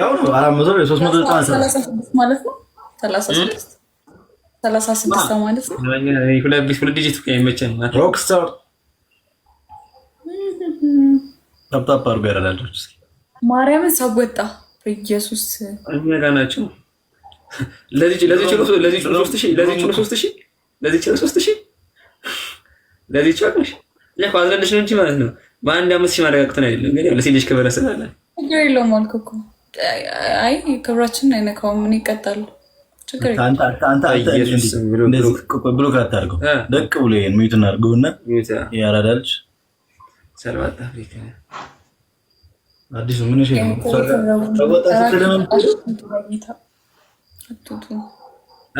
ያው ነው አራት መቶ ሶስት መቶ ማለት ነው ሰላሳ ስድስት ማለት ነው። ሁለት ዲጂት አይመቸን። ሮክስታር ታፕታፕ አድርጎ ያላላቸው ማርያምን ሳወጣ ኢየሱስ እኛ ጋ ናቸው። ለዚህ ችሎ ሶስት ሺህ ለዚህ ቻቅሽ አዝለልሽ ነው እንጂ ማለት ነው በአንድ አምስት ሺህ ማረጋግጥን አይደለም ግን ለሴት ልጅ ክብረ ስላለን ችግር የለውም አልክ እኮ። አይ ነው አይነካውም። ምን ይቀጣሉ? ብሎክ አታድርገው፣ ደቅ ብሎ ይሄን ሚዩት እናድርገውና የአራዳ ልጅ ሰልባት አፍሪካ አዲሱ ምን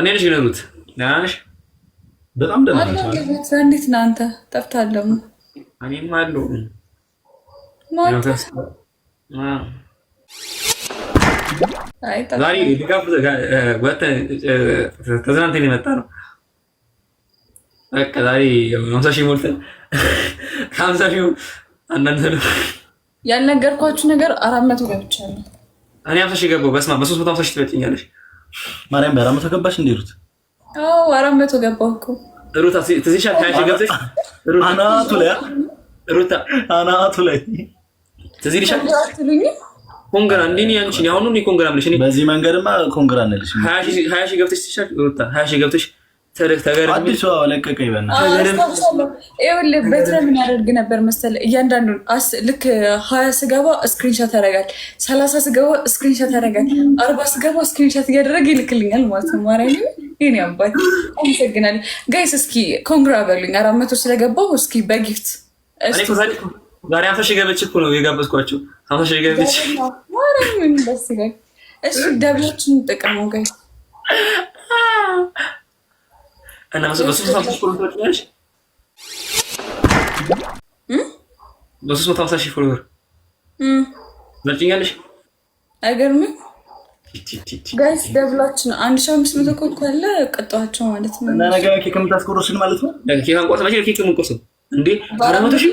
እኔ ልጅ ነሩት ናሽ በጣም እንዴት ናንተ አንተ? ጠፍታለሁ። እኔም አለሁ ዛሬ ድጋፍ ተዝናንተን የመጣ ነው። በቃ ዛሬ ሀምሳ ሺህ ሞልተን ሺህ አንዳንድ ነው ያልነገርኳችሁ ነገር አራት መቶ ገብቻለሁ እኔ ሀምሳ ሺህ ገባሁ። በስመ አብ በሶስት መቶ ሀምሳ ሺህ ትበጭኛለሽ ማርያም በአራት መቶ ገባሽ እንዴ ሩት? አዎ አራት መቶ ገባሁ እኮ ሩታ ገብተሽ አናቱ ላይ አናቱ ላይ ትዝ ይልሻል ኮንግራ እንዴ ነው ያንቺ ኮንግራ ብለሽ በዚህ መንገድማ ኮንግራ እንልሽ 20 ሺህ ገብተሽ ትሻል ወጣ 20 ሺህ ገብተሽ ምን ያደርግ ነበር መሰለህ እያንዳንዱን ልክ 20 ስገባ ስክሪንሾት ያደርጋል 30 ስገባ ስክሪንሾት ያደርጋል 40 ስገባ ስክሪንሾት እያደረገ ይልክልኛል ማለት ነው ማርያም ይሄን ያባት አመሰግናለሁ ጋይስ እስኪ ኮንግራ በሉኝ 400 ስለገባው እስኪ በጊፍት ዛሬ አፈሽ ገበች እኮ ነው የጋበዝኳቸው። አፈሽ ገበች ምን ደስ ይላል። እሺ ደብሎችን ጠቀመው ጋይ እና በሶስት መቶ ሀምሳ ሺህ ፎሎወር መርጭኛለሽ። አይገርምም ጋይስ ደብላችን አንድ ሺህ አምስት መቶ ኮልኮ ያለ ቀጠዋቸው ማለት ነው። ኬክ የምታስቆርሱን ማለት ነው። ኬክ አንቆርስ መቼ ኬክ የምንቆርሰው እንዴ? አራት መቶ ሺህ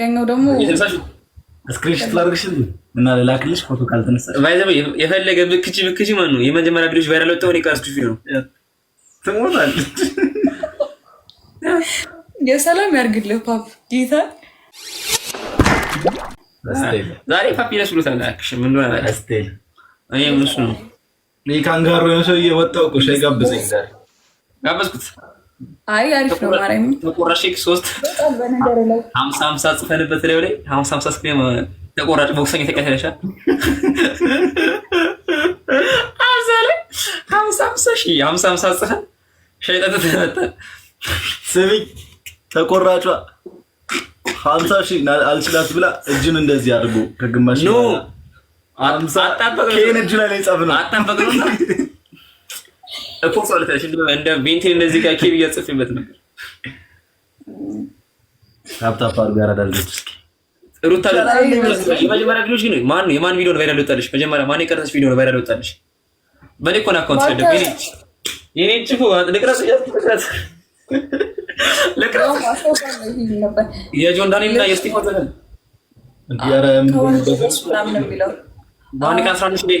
ያኛው ደግሞ ስክሪንሾት ላድርግሽ እና ልላክልሽ። ፎቶ ካልተነሳሽ የፈለገ ብክች ብክች ማለት ነው። የመጀመሪያ ቪዲዮች ቫይራል ወጣውን የቀረስኩሽ ቪዲዮ ነው። ትሞታለች። የሰላም ያርግልህ ፓፕ ጌታ። ዛሬ ፓፕ ይለስ ብሎታል። አክሽን ምን ሆነ? አስቴል እኔ ምንስ ነው ይሄ ካንጋሮ የሆነ ሰው እየወጣው እኮ ሻይ ጋብዘኝ ዛሬ ጋበዝኩት። አይ አሪፍ ነው። ማርያም ተቆራሽ ሶስት ሀምሳ ሀምሳ ጽፈንበት ላይ ላይ ሀምሳ ሀምሳ ስክ ተቆራጭ ቦክሰኛ ተቀተለሻል ሀምሳ ላይ ሀምሳ ሀምሳ ሺ ሀምሳ ሀምሳ ጽፈን ሸይጠት ተመጠ ስሚኝ ተቆራጯ ሀምሳ ሺ አልችላት ብላ እጅን እንደዚህ አድርጎ ከግማሽ ኖ አጣበቅ እጅ ላይ ላይ ጻፍ ነው አጣበቅ ነው እኮ ፈርተሽ እንደ ቤንቴ እንደዚህ ጋር እያጽፍበት ነበር። ሩታ የመጀመሪያ ቪዲዮች ግን ማን የማን ቪዲዮ ነው ቫይራል ወጣልሽ? መጀመሪያ ማን ቪዲዮ ነው ቫይራል ወጣልሽ? እኮ ነው አካውንት ሲደብ የኔ ጭፉ ዘለን ማን ከአስራ አንድ ሺህ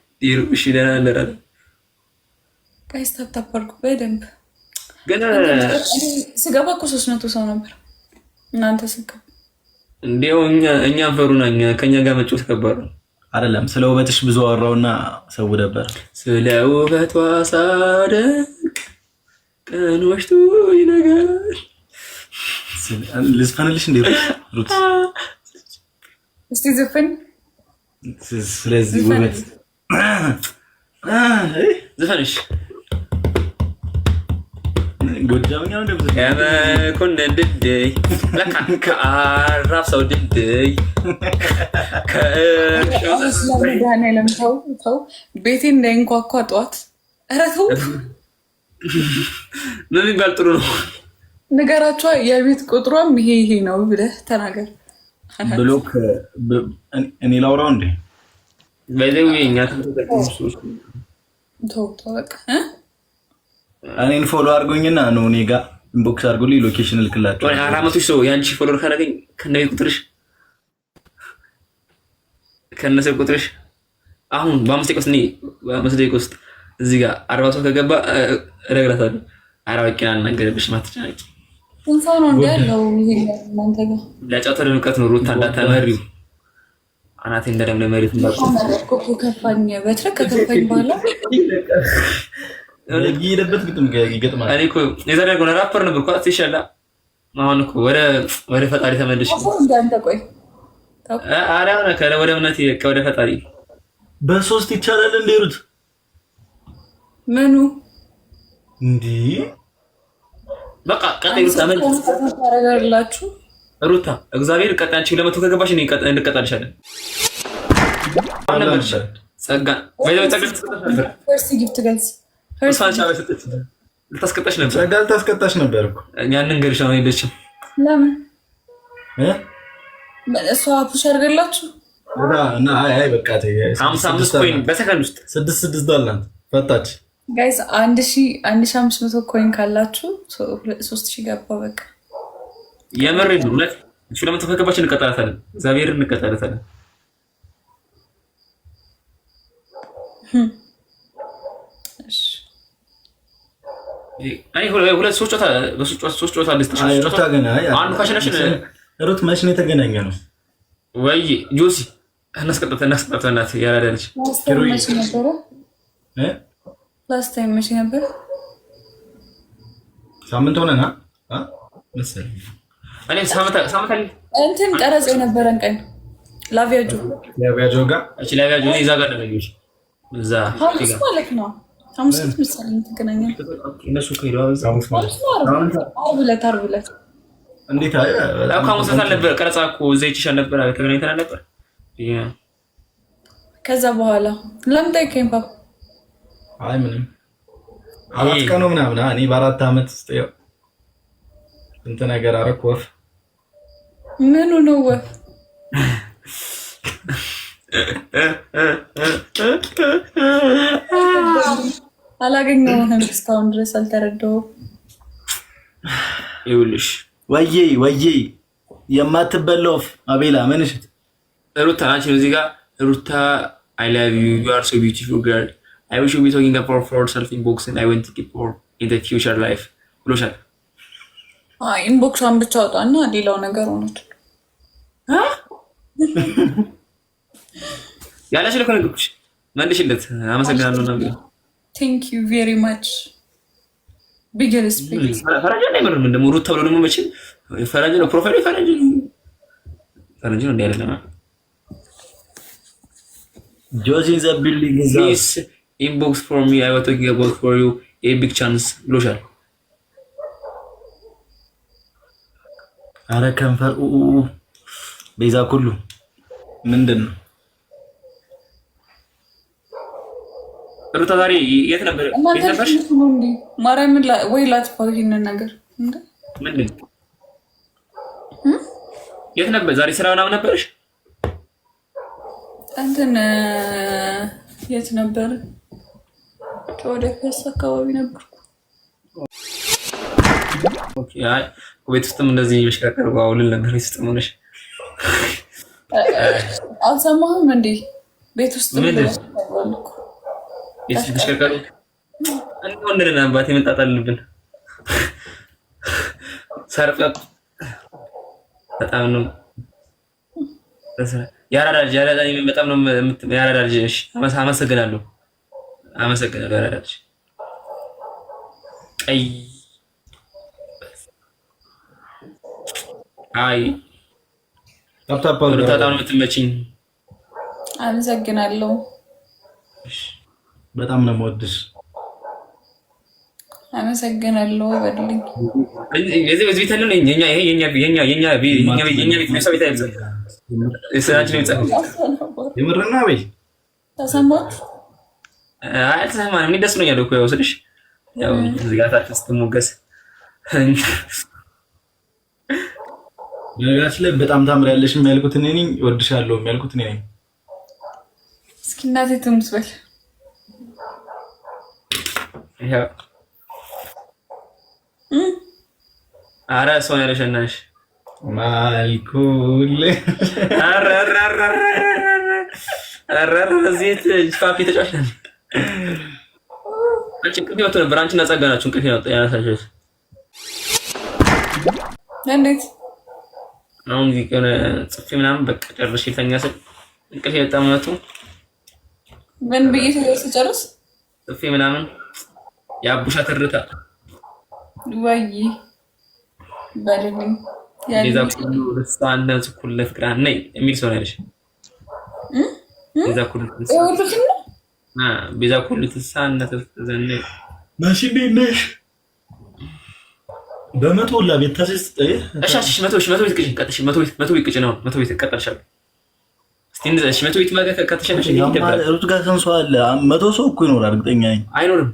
እሺ ደህና ነን አይደል? ጋይስ አድርጉ በደንብ። ግን ስገባ እኮ ሶስት መቶ ሰው ነበር። እናንተ ስገባ እንዲው እኛ እኛ ፈሩና ከኛ ጋር መጫወት ከባድ አይደለም ስለ ውበትሽ ብዙ አወራውና ሰው ነበር። ስለ ውበቷ ሳደንቅ ቀኖሽቱ ይነገራል። ልዝፈንልሽ እንዴ? ሩት እስቲ ዘፈን ስለዚህ ውበት ዝፈንሽ ጎጃምኛ ከመኮነ ድልድይ ለካ ከአራብ ሰው ድልድይ ተው ቤቴ እንዳይንኳኳ ጠዋት ኧረ ተው ምን ይባል ጥሩ ነው ንገራቸዋ የቤት ቁጥሯም ይሄ ይሄ ነው ብለህ ተናገር ብሎክ እኔ ላውራው እንዴ እኔን ፎሎ አድርጎኝና ነው እኔ ጋ ኢንቦክስ አድርጎልኝ ሎኬሽን እልክላቸው። አራት መቶ ሰው የአንቺ ካላገኝ ቁጥርሽ ቁጥርሽ አሁን በአምስት ደቂቃ ውስጥ እኔ በአምስት ደቂቃ ውስጥ እዚህ ጋር አርባ ሰው ከገባ እነግራታለሁ። አራቂን አልናገረብሽም፣ አትጨናቂ። ስንት ነው እንዳለው እናንተ ጋር ለጫወታ ድምቀት ነው ሩታ እንዳታመሪው አናት እንደደም መሬት እንዳቆቁ ከፋኝ። በትረ ከከፋኝ በኋላ የሄደበት ግጥም ይገጥማል። እኔ እኮ የዛሬ ሆነ ራፐር ነበር እኮ ሲሻላ አሁን እኮ ወደ ወደ ፈጣሪ ተመልሽ እንዳንተቆይ አለ ሆነ ወደ እምነት ወደ ፈጣሪ በሶስት ይቻላል እንዴሩት ምኑ እንዲህ በቃ ቀጥ ተመልሽ ታረጋላችሁ ሩታ እግዚአብሔር ቀጣችን ለመቶ ከገባሽ እንቀጣልሻለን። ልታስቀጣሽ ነበር ጸጋ ልታስቀጣሽ ነበር ያንን ገርሽ ነው የለችም። ለምን እሷ ፑሽ አድርገላችሁ ፈታች። ጋይስ አንድ ሺ አምስት መቶ ኮይን ካላችሁ ሶስት ሺ ገባ በቃ የምር እውነት እሱ ለምትፈከባችን እንቀጣላታለን፣ እግዚአብሔርን እንቀጣላታለን። ሁለት ሶስት ጨዋታ ሩት መች ነው የተገናኘ ነው ወይ ጆሲ? እናስቀጣት እናስቀጣት። እናት ያላዳለች ላስት ታይም መቼ ነበር? ሳምንት ሆነና መሰለኝ እንትን ቀረጽ የነበረን ቀን ላቪያጆ ላቪያጆ ጋር እቺ ላቪያጆ ነው ይዛ ጋር ደረገች። እዛ ማለት ነው። ሐሙስ ምሳሌ ትገናኛል። እነሱ ከሄደው ሐሙስ ማለት ነው። አርብ ዕለት አርብ ዕለት እንዴት አይ ሐሙስ ነበር ቀረጻ እኮ እዛ ይችሻል ነበር ተገናኝተናል ነበር። ከዛ በኋላ ለምን ጠይቀኝ ፓፓ? አይ ምንም አራት ቀኑ ምናምን እኔ በአራት ዓመት ስጠየው እንትን ነገር አደረኩ። ወፍ ምኑ ነው ወፍ? አላገኘሁህም እስካሁን ድረስ አልተረዳሁም። ይኸውልሽ ወዬ ወዬ የማትበላው ወፍ አቤላ ምንሽ ሩታ ናችን እዚህ ጋር ሩታ አይ ላቭ ዩ ዩ አር ሶ ቢዩቲፉል ገርል አይ ዊሽ ዩ ቢ ታኪንግ ፎር ፎር ሰልፍ ኢን ኢንቦክስን አይ ወንት ፎር ኢን ዘ ፊውቸር ላይፍ ብሎሻል። ኢንቦክሷን ብቻ አውጣና ሌላው ነገር ሆነች። ያለሽ ልክ ነግኩሽ፣ መልሽለት። አመሰግናለሁ። ነገር ቴንክ ዩ ቬሪ ማች ፈረንጅ ላይ ምንም ደግሞ ሩት ተብሎ ደግሞ መቼም ፈረንጅ ነው፣ ፕሮፋይሉ ፈረንጅ ነው፣ ፈረንጅ ነው። እንዲ አይደለም። ጆዚን ዘ ቢልዲንግ ኢንቦክስ ፎር ሚ አይ ዋንት ቱ ጊቭ ፎር ዩ ኤ ቢግ ቻንስ ብሎሻል። አረ ከንፈር ቤዛ ኩሉ ምንድን ነው? ሩታ ዛሬ የት ነበር? ማርያምን ወይ ላጥፋው ይሄንን ነገር ምንድን የት ነበር ዛሬ? ስራ ምናምን ነበርሽ? እንትን የት ነበር? ወደ ፒያሳ አካባቢ ነበርኩ። ቤት ውስጥም እንደዚህ መሽከርከር ባውልን ነበር። ቤት ሆነሽ አልሰማህም እንዴ? ቤት ውስጥ ተሽከርካሪ እንደ ወንድና አባት መምጣት አለብን። ሰርቀቅ በጣም ነው የአራዳ ልጅ የአራዳ በጣም ነው የአራዳ ልጅ። እሺ አመሰግናለሁ፣ አመሰግናለሁ የአራዳ ልጅ ቀይ አይ ሩታ ነው የምትመችኝ። አመሰግናለሁ። በጣም ነው የምወድሽ። አመሰግናለሁ። በልኝ እዚህ እዚህ ቤት ያለው የኛ ይሄ የኛ የኛ የኛ የኛ ቤት ነው። ሰው ቤት አይደለም። እሳችን ነው የምርና ወይ ተሰማት? አልተሰማንም። እኔ ደስ ብሎኛል እኮ ያው ስልሽ ያው ዝጋታ ስትሞገስ በነገራችን ላይ በጣም ያለሽ የሚያልኩት እኔ ነኝ። እወድሻለሁ የሚያልኩት እኔ ነኝ። እስኪ እናቴ ትሙት በል አረ ሰው ያለሸናሽ ማልኩል እንቅልፍ ናችሁ እንቅልፍ እንዴት? አሁን የሆነ ጽፌ ምናምን በቃ ጨርሼ ልተኛ ስል እንቅልፍ የበጣም እውነቱ ምን ብዬ ስጨርስ ጽፌ ምናምን የአቡሻ ትርታ ወይ በልልኝ ዛ ሁሉ ኩለ ፍቅር ነ የሚል ሰው ነሽ ቤዛ ኩሉ ትሳ እንደተዘነ ነሽ በመቶ ሁላ ቤት ተስስ መቶ መቶ ቤት ቅጭን ቀጥሽ መቶ ቤት መቶ ቤት ቅጭን መቶ ቤት ቀጠልሻል። መቶ ቤት ነው ሩት ጋር መቶ ሰው እኮ ይኖራል፣ እርግጠኛ ነኝ አይኖርም